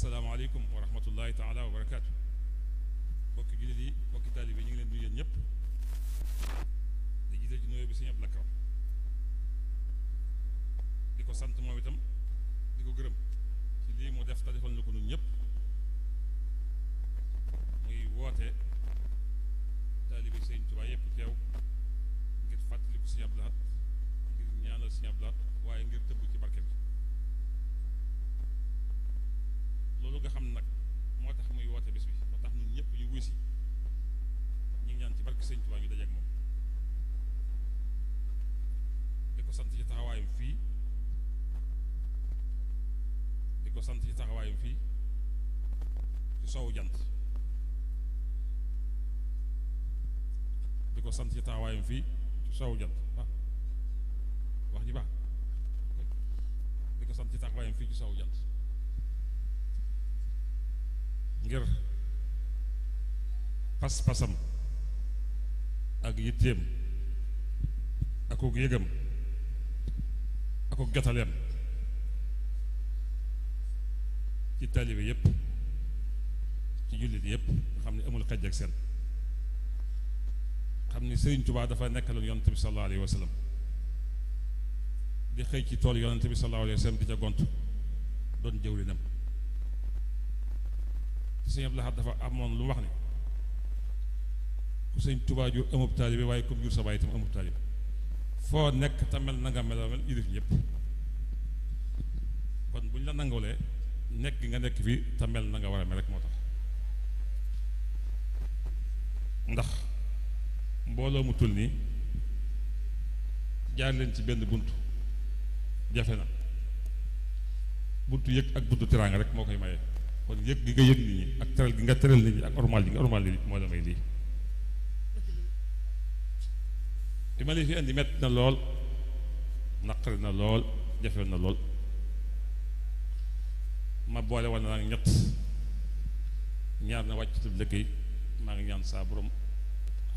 asalaamaaleykum wa rahmatullahi taala wa barakaatu mbokki jullit yi mbokki taalibe ñu ngi leen di nuyu yéen ñëpp di jiite ci bi sëñ Abdou Lakram di ko sant moom itam di ko gërëm ci lii mu def te defal na ko ñun ñëpp muy woote taalibe sëñ Tuubaa yëpp teew ngir fàttaliku sëñ Abdou Lahad ngir ñaanal sëñ Abdou Lahad waaye ngir tëbb ci barke bi nga xam nag moo tax muy woote bis bi moo tax ñun ñëpp ñu wuy si ñu ngi ñaan ci barke Sëñ Tuubaa ñu dajeeg moom di ko sant ci taxawaayam fii di ko sant ci taxawaayam fii ci sowu jant di ko sant ci fii ci sowu jant wax ji baax di ko sant ci taxawaayam fii ci sowu jant ngir pas-pasam ak yitteem akuk yëgam akuk jotaleem ci taalibe yépp ci jullit yépp nga xam ne amul xaj ak seen xam ni Sëriñ Tubaa dafa nekkaloon yonante bi sallallahu alayhi wa sallam di xëy ci tool yonante bi sallallahu alayhi wa sallam di ca gont doon jëwlinam sëñ Abdou Lahad dafa amoon lu wax ne ku sëñ tubaab jur amub taalibe waaye comme jur sa baay itam amub taalibe foo nekk tamel na nga mel mel yilif ñëpp kon bu ñu la nangalee nekk nga nekk fii tamel na nga war a mel rek moo tax ndax mbooloo mu tul nii jaar leen ci benn bunt jafe na buntu yëg ak bunt teraanga rek moo koy maye kon yëg gi nga yëg nit ak teral gi nga teral nit ñi ak ormal gi nga ormal nit ñi moo la may lii li ma li fi indi mett na lool naqari na lool jafe na lool ma boole wala nag ñett ñaar na wàccutul liggéey maa ngi ñaan saa borom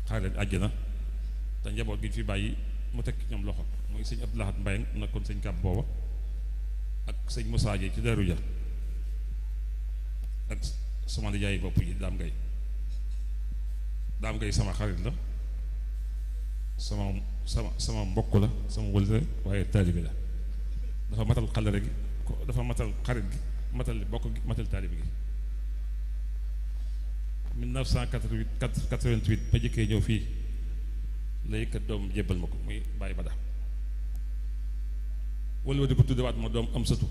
xaare àjjana te njaboot gi fi bàyyi mu teg ñoom loxo muy sëñ Abdou Lahad Mbaye nag kon sëñ kàbb booba ak sëñ Moussa Dieye ci Daaru Ja ak sama nijaay bopp yi daam ngay daam ngay sama xarit la sama sama sama mbokk la sama wëlëre waaye taalibi la dafa matal dafa matal xarit gi matal bokk gi matal taalibi gi 1988 88 ba jëkkee ñëw fii la yëkkat doom jébbal ma ko muy bàyyi bada wëlbati ko tuddewaat ma doom am sëtu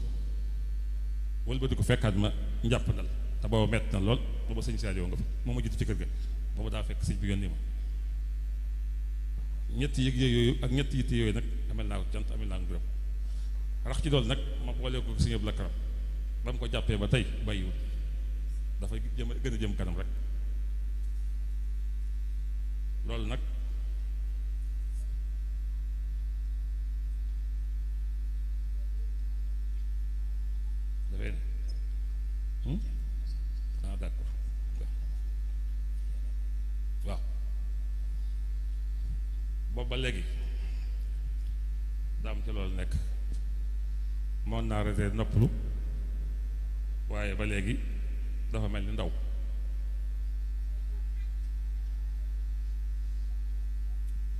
wëlbati ko fekkaat ma njàpp ndal te booba mett na lool booba sëñ Sadio nga fa moom ma jiitu ci kër ga booba daa fekk sëñ bi yónni ma ñetti yëg yooyu ak ñetti yitte yooyu nag amel naa ko jant amel naa ko gërëm rax ci loolu nag ma boole ko sëñ Abdou Karam ko jàppee ba tey bàyyiwul dafay jëm gën a jëm kanam rek loolu nag nopp noppalu waaye ba léegi dafa mel ni ndaw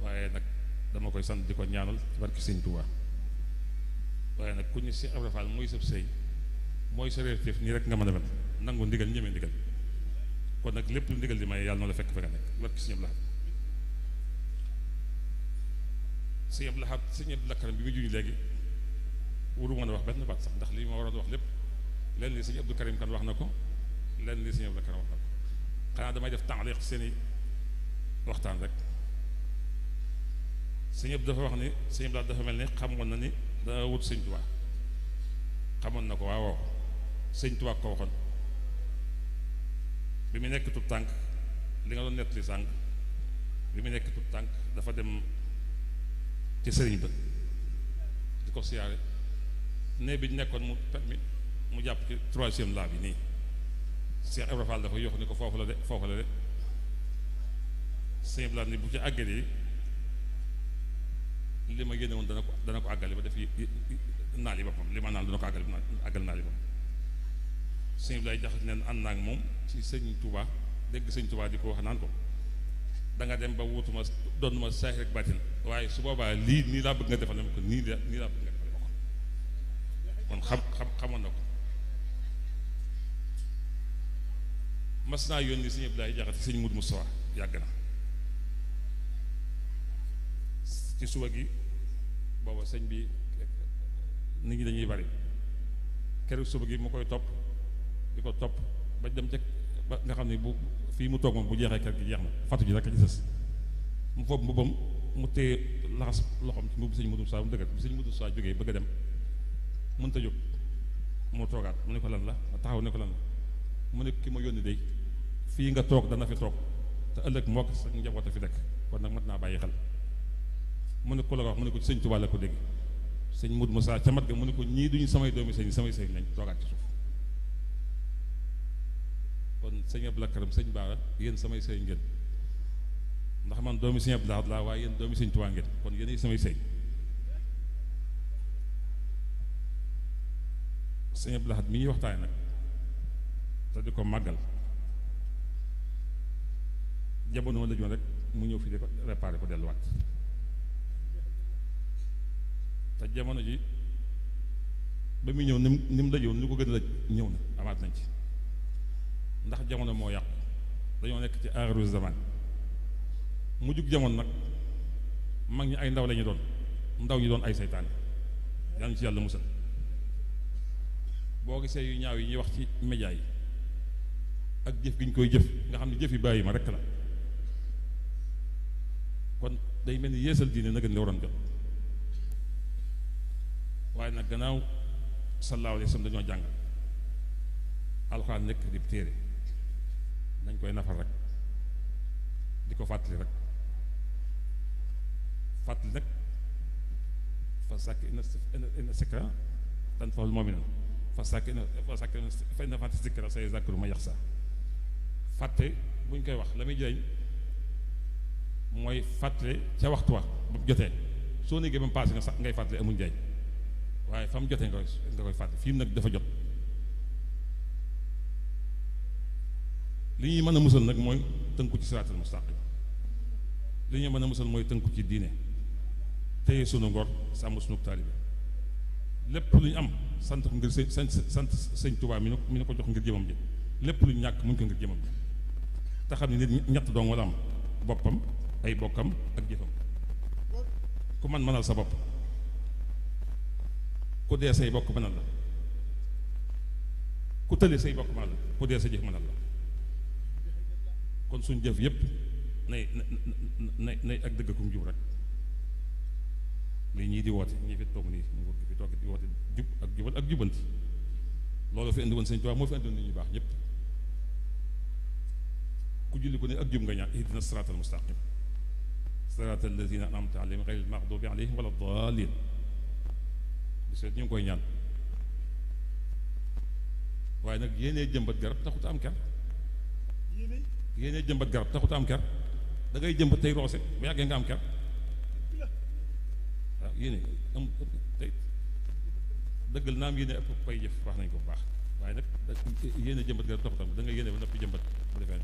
waaye nag dama koy sant di ko ñaanal ci barki sëñ Tuubaa waaye nag ku ñu si Abdou Fall muy sëb sëy mooy sa réertif nii rek nga mën a mel nangu ndigal ñeme ndigal kon nag lépp lu ndigal di may yàlla na la fekk fa nga nekk barki sëñ Abdou Lahad sëñ Abdou Lahad sëñ Abdou Lahad bi mu juñ léegi wuru mën a wax benn baat sax ndax li ma waroon wax lépp lenn li sëñ Abdou Karim kan wax na ko lenn li si Abdou Karim damay def taaliq seen i waxtaan rek sëñ dafa wax ni sëñ Abdou dafa mel ni xamoon na ni da wut sëñ Tuubaa xamoon na ko waaw sëñ Tuubaa ko waxoon bi mu nekk tut tànk li nga doon nettali sànq bi muy nekk tut tànk dafa dem ci sëriñ ba di ko siyaare ne bi ñu nekkoon mu permis mu jàpp ci troisième laa bi nii Cheikh Ibrahima Fall dafa yox ni ko foofu la de foofu la de sëñ ni bu ci àggalee li ma génne woon dana ko dana ko àggale ba def naal yi boppam li ma naal dana ko àggale àggal naal yi boppam sëñ Ibrahima jaxas neen ànd moom ci sëñ Touba dégg sëñ Touba di ko wax naan ko da dem ba wutuma doon ma saay rek bàttin waaye su boobaa lii nii laa bëgg nga defal ne ma ko nii nii laa bëgg nga defal kon xam xam xamoon na ko mas naa yónni sëñ Abdoulaye Jaxate sëñ mu Mustafa yàgg na ci suba gi booba sëñ bi nit ñi dañuy bari keroog suba gi mu koy topp di ko topp ba dem ca ba nga xam ne bu fii mu toog moom bu jeexee kër gi jeex na fatu ji rek a ci des mu fob mbubam mu téye laxas loxoom ci mbubu sëñ Mudu Mustafa mu dëgër bi sëñ Mudu Mustafa jógee bëgg a dem mënta a jóg mu toogaat mu ne ko lan la ma taxaw ne ko lan mu ne ki ma yónni de fii nga toog dana fi toog te ëllëg moo ko sa njaboot fi nekk kon nag mat naa bàyyi xel mu ne ko la wax mu ne ko sëñ Tuubaa la ko dégg sëñ Moud Moussa ca mat gi mu ne ko ñii duñu samay doomi sëñ samay sëñ lañ toogaat ci suuf kon sëñ Abdou Karim sëñ Baara yéen samay sëñ ngeen ndax man doomi sëñ Abdou laa waaye yéen doomi sëñ Tuubaa ngeen kon yéen samay sëñ sëñ Abdou mi ñuy waxtaane nag te di ko màggal jamono la joon rek mu ñëw fii di ko réparé ko delluwaat te jamono ji ba mu ñëw nim ni mu lajoon ni ko gën a ñëw na amaat nañ ci ndax jamono moo yàqu dañoo nekk ci aaxiru zaman mu jug jamono nag mag ñi ay ndaw la doon ndaw ñi doon ay seytaane yàlla ñu ci yàlla musal boo gisee yu ñaaw yi ñuy wax ci média yi ak jëf gi ñu koy jëf nga xam ne jëf yi bàyyi ma rek la kon day mel ni yeesal diine nag la waroon jot waaye nag gannaaw sallallahu alayhi wa sallam dañoo jàngal alxuraan nekk di téere nañ koy nafar rek di ko fàttali rek fàttali nag fa sàkk ina sikra tan fawul moom i fasakin fa inna fàtte sikkira say zakru ma yax sa fàtte bu ñu koy wax la muy jëriñ mooy fàttale ca waxtu wax ba mu jotee soo nekkee ba mu paase nga sax ngay fàttale amuñ jëriñ waaye fa mu jotee nga koy fàtte fii mu nag dafa jot li ñuy mën a musal nag mooy tënku ci mu mustaqim li ñuy mën a musal mooy tënku ci diine téye sunu ngor sàmm sunu taalibe lépp luñ am sant ko ngir sañ sant sëñ Tuubaa mi ñu ko jox ngir jëmam ji lépp lu ñu ñàkk muñ ko ngir jëmam ji te xam ne nit ñett doom wala am boppam ay bokkam ak jëfam ku man manal sa bopp ku dee say bokk mënal la ku tële say bokk mënal la sa jëf mënal la kon suñ jëf yépp nay nay nay ak dëgg kum jub rek li ñii di woote ñii fi toog nii nguur gi fi toog di woote jub ak jubal ak jubanti loolu fi indi woon sëñ Tuubaa moo fi indi woon nit ñu baax ñëpp ku julli ko ne ak jub nga ñaan ihdina siraatal mustaqim siraatal lazina an'amta alayhim ghayril maghdubi alayhim wala daalliin ñu ngi koy ñaan waaye nag yéenee jëmbat garab taxut am ker yéenee jëmbat garab taxut am ker da ngay jëmbat tey roose bu yàggee nga am ker yéene am te dëggal naam yéene ëpp koy jëf wax nañ ko bu baax waaye nag yéene jëmbat garab topp tam da ba noppi jëmbat bu defee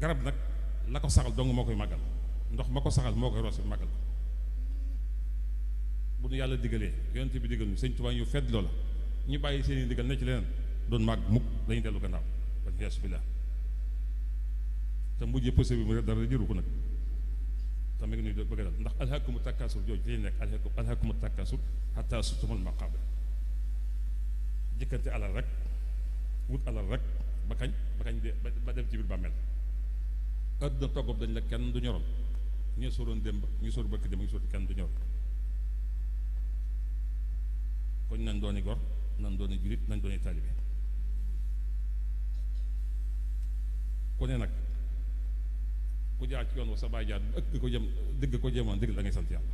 garab nag na ko saxal dong moo koy màggal ndox ma ko saxal moo koy roose màggal bu nu yàlla diggalee yonent bi diggal ñu sëñ Tuubaa ñu fedd loola ñu bàyyi seen i diggal ne ci leneen doon màgg mukk dañu dellu gannaaw wal iyaasu billaah te mujjee possible bi dara jëru ko nag te mi ngi nuy bëgg dal ndax alhaakumu takaasur jooju li nekk alhaakumu takaasur hatta zurtumul maqaabir jëkkante alal rek wut alal rek ba kañ ba kañ de ba dem ci biir bàmmeel àdduna toggob dañ la kenn du ñoroon ñu sóoroon démb ñu sóor bëkk démb ñu sóor kenn du ñor koñ nañ dooni gor nañ dooni julit nañ dooni taalibe ku nag bu jaar ci yoon wa sa baay jaar ëkk ko jëm dëgg ko jëmoon dëgg da ngay sant yàlla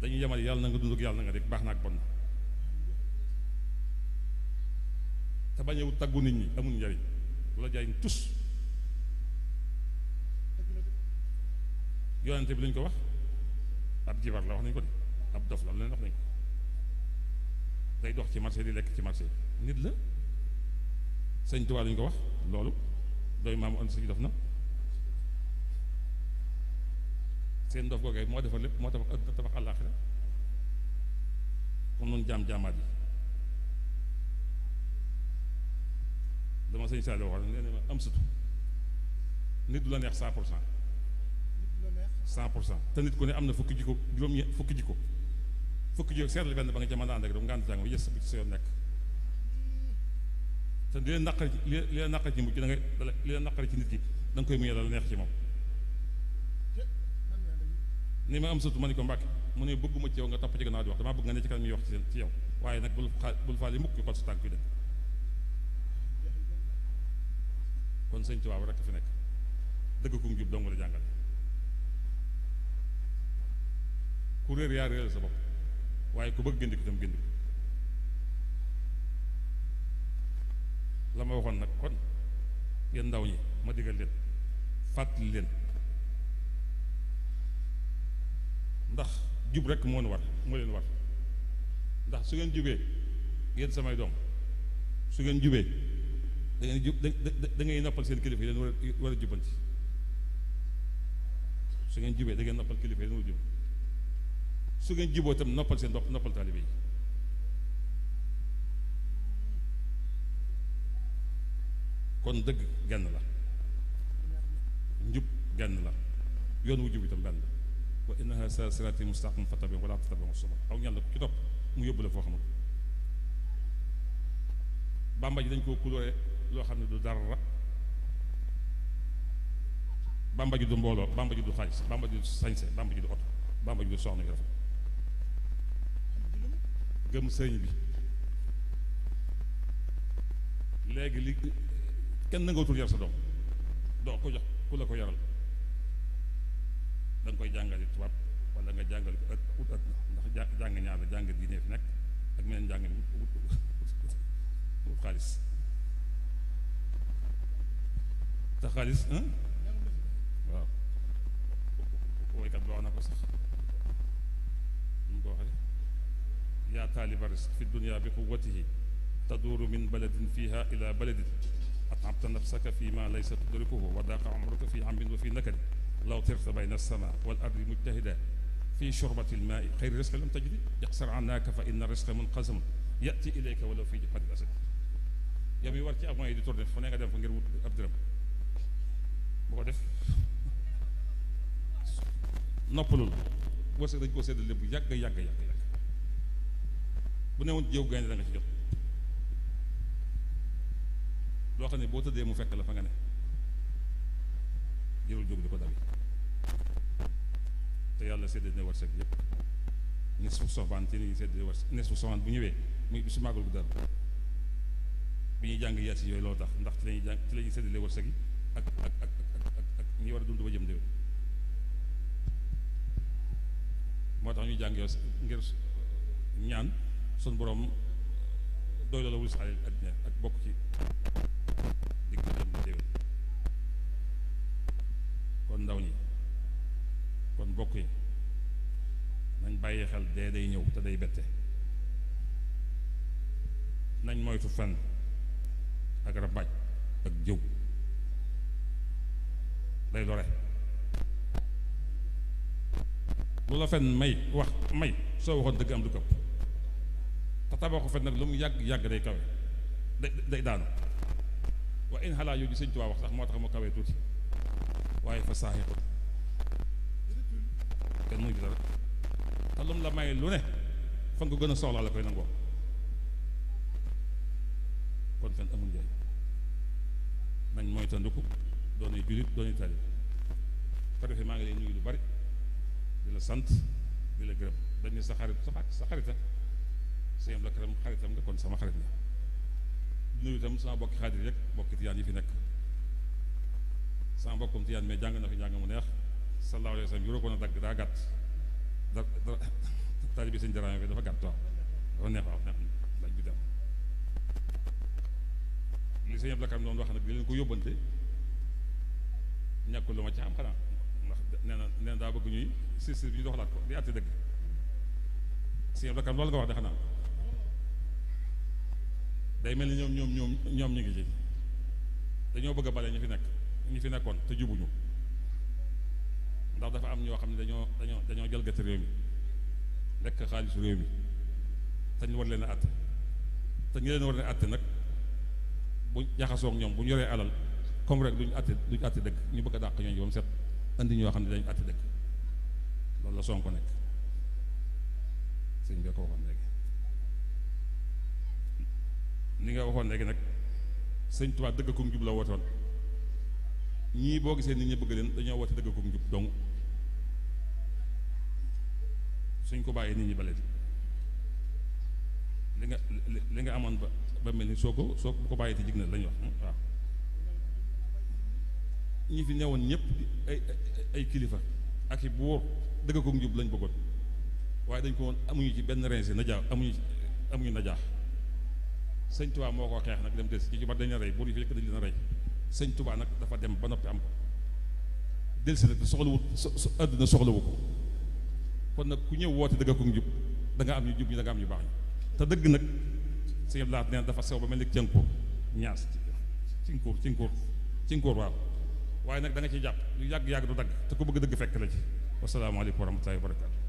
dañuy yemal yàlla na nga dund ak yàlla na nga def baax na ak bon te bañ a wut taggu nit ñi amul njariñ wala jariñ tus yonente bi lañ ko wax ab jibar la wax nañ ko de ab dof la leen wax nañ ko day dox ci marché di lekk ci marché nit la sëñ Tuubaa lañ ko wax loolu dooy maamu and si dof na seen ndof googee moo defar lépp moo tabax àdduna tabax àllaaxira kon noonu jaam jaamaat yi dama sëñ Saliou wax nee na ma am sutu nit du la neex cent pour cent cent pour cent te nit ku ne am na fukki jikko juróom-ñeent fukki jikko fukki jikko seetlu benn ba nga ca mën a ànd ak rek nga ànd jàng yës bu ci sa yoon nekk te li leen naqari li leen naqari ci mujj da ngay li leen naqari ci nit ki da nga koy muñee la neex ci moom ni ma am surtout ma ni ko Mbàkke mu ne bëgguma ci yow nga topp ci gannaaw di wax damaa bëgg nga ne ci kanam ñuy wax ci yow waaye nag bul xa bul faale mukk yu ko su tànk yu dem kon sëñ Tuubaa rek fi nekk dëgg ku jub dong la jàngal ku réer yaa réer sa bopp waaye ku bëgg gindi ko itam gindi ko la ma waxoon nag kon yéen ndaw ñi ma digal leen fàttali leen ndax jub rek moo war moo leen war ndax su ngeen jubee yéen samay doom su ngeen jubee da ngeen da ngay noppal seen kilifa yi leen war a war jubbanti su ngeen jubee dangeen ngeen noppal kilifa yi leen war a jub su ngeen juboo itam noppal seen bopp noppal taalibe yi kon dëgg genn la njub genn la yoon wu jub itam benn wa innaha sa sirati mustaqim fatabi wala tatabi subul aw ñal ci topp mu yóbbu la foo xamul bàmba ji dañ koo kulóore loo xam ne du dara bàmba ji du mbooloo bàmba ji du xaalis bàmba ji du sañse bàmba ji du oto bàmba du soxna yu rafet gëm sëñ bi léegi li kenn nangootul yar sa doom doo ko jox ku la ko yaral da nga koy jàngali tubaab wala nga jàngal ko ak ut ak ndax jàng ñaar la jàng diine fi nekk ak meneen jàng ni ut xaalis te xaalis waaw woykat ba wax na ko sax ñu ko waxee yaa taaliba rizq fi dunya bi quwwatihi taduuru min baladin fiha ila baladin at'abta nafsaka fi ma laysa tudrikuhu wa daqa umruka fi amin wa fi nakad law tirta bayna as-samaa wal ardi mujtahida fi shurbati al-maa'i xayri rizqi lam tajid ixsar anaka fa inna rizqa munqasam yati ilayka walaw fi juhati asad yow mi war ci avion yi di tourner fu ne nga dem fa ngir wut ab dërëm bu ko def noppalul wërsëg dañ koo séddale bu yàgg yàgg yàgg yàgg bu ne woon jëw gaynde da nga ci jot loo xam ne boo tëddee mu fekk la fa nga ne jërul jóg di ko dawi te yàlla séddale na wërsëg yëpp su fu soxbaan te ni ne wërsëg nes fu soxbaan bu ñëwee muy bisu màggal bu dara bi ñuy jàng yaasi yooyu loolu tax ndax ci lañuy jàng ci lañuy séddale wërsëg yi ak ak ak ak ak ñi war a dund ba jëm déwén moo tax ñuy jàng yow ngir ñaan sun boroom doy la la wul ak bokk ci ndaw ñi kon mbokk yi nañ bàyyi xel dee day ñëw te day bette nañ moytu fen ak rabaaj ak jëw day lore lu la fen may wax may soo waxoon dëgg am du këpp te tabaxu fen nag lu mu yàgg yàgg day kawe day daanu waa in xalaa yooyu sëñ Tuubaa wax sax moo tax mu kawee tuuti waaye fa saaxiqul kenn muy dara te lu mu la may lu ne fa ko gën a soxlaa la koy nangoo kon fen amul njëriñ nañ mooy tëndiku doonay jullit doonay tali ko defee maa ngi lay nuyu lu bari di la sant di la gërëm dañ sa xarit sa xarita sëñ la këram xaritam nga kon sama xarit la nuyu itam sama bokki xaadir rek bokki tiyaan yi fi nekk sama mbokkum tiyaan mais jàng na fi njàng mu neex sallallahu alayhi wa sallam yuroo ko na dagg daa gàtt da taali bi sëñ jaraame bi dafa gàtt waaw dafa neex waaw neex bi dem li sëñ Abdou Karim doon ko yóbbante ñàkkul lu ma ci am xanaa ndax nee na nee na daa bëgg ñuy sistir bi ñu doxalaat ko di àtte dëgg sëñ Abdou Karim loolu nga wax de xanaa day mel ni ñoom ñoom ñoom ñoom ñu ngi ci dañoo bëgg bale ñu fi nekk ñi fi nekkoon te jubuñu ndax dafa am ñoo xam ne dañoo dañoo dañoo jalgati réew mi lekk xaalisu réew mi te ñu war leen a àtte te ñu leen war leen àtte nag bu jaxasoo ñoom bu ñu yoree alal comme rek duñu àtte duñu àtte dëgg ñu bëgg dàq ñoo ba mu set andi ñoo xam ne dañ àtte dëgg loolu la Sonko nekk sëñ bi ko waxoon léegi ni nga waxoon léegi nag sëñ Tuubaa dëgg kum jub la wootoon ñii boo gisee nit ñi bëgg leen dañoo woote dëgg ko njub dong suñ ko bàyyi nit ñi ba leen li nga li nga amoon ba ba mel ni soo ko soo ko bàyyi te jig na lañu wax hmm, waaw ñi fi newoon ñëpp ay ay kilifa ak i buur dëgg ko njub lañ bëggoon waaye dañ ko woon amuñu ci benn rincé najaax amuñu amuñu najaax sëñ Tuubaa moo ko xeex nag dem des ci ci bar dañ rey buur yi fi yëkk dañ leen rey sëñ tubaa nag dafa dem ba noppi am ko dellusi nag soxlawu àdduna soxlawu ko kon nag ku ñëw woote dëgg ak jub danga am ñu jub ñi da am ñu baax ñi te dëgg nag sëñ Abdou Lahad nee dafa sew ba mel ni cënkoor ñaas cinkóor cinkóor cinkóor waaw waaye nag da nga ci jàpp lu yàgg-yàgg du dagg te ko bëgg dëgg fekk la ci wasalaamaaleykum wa rahmatullahi wa barakatu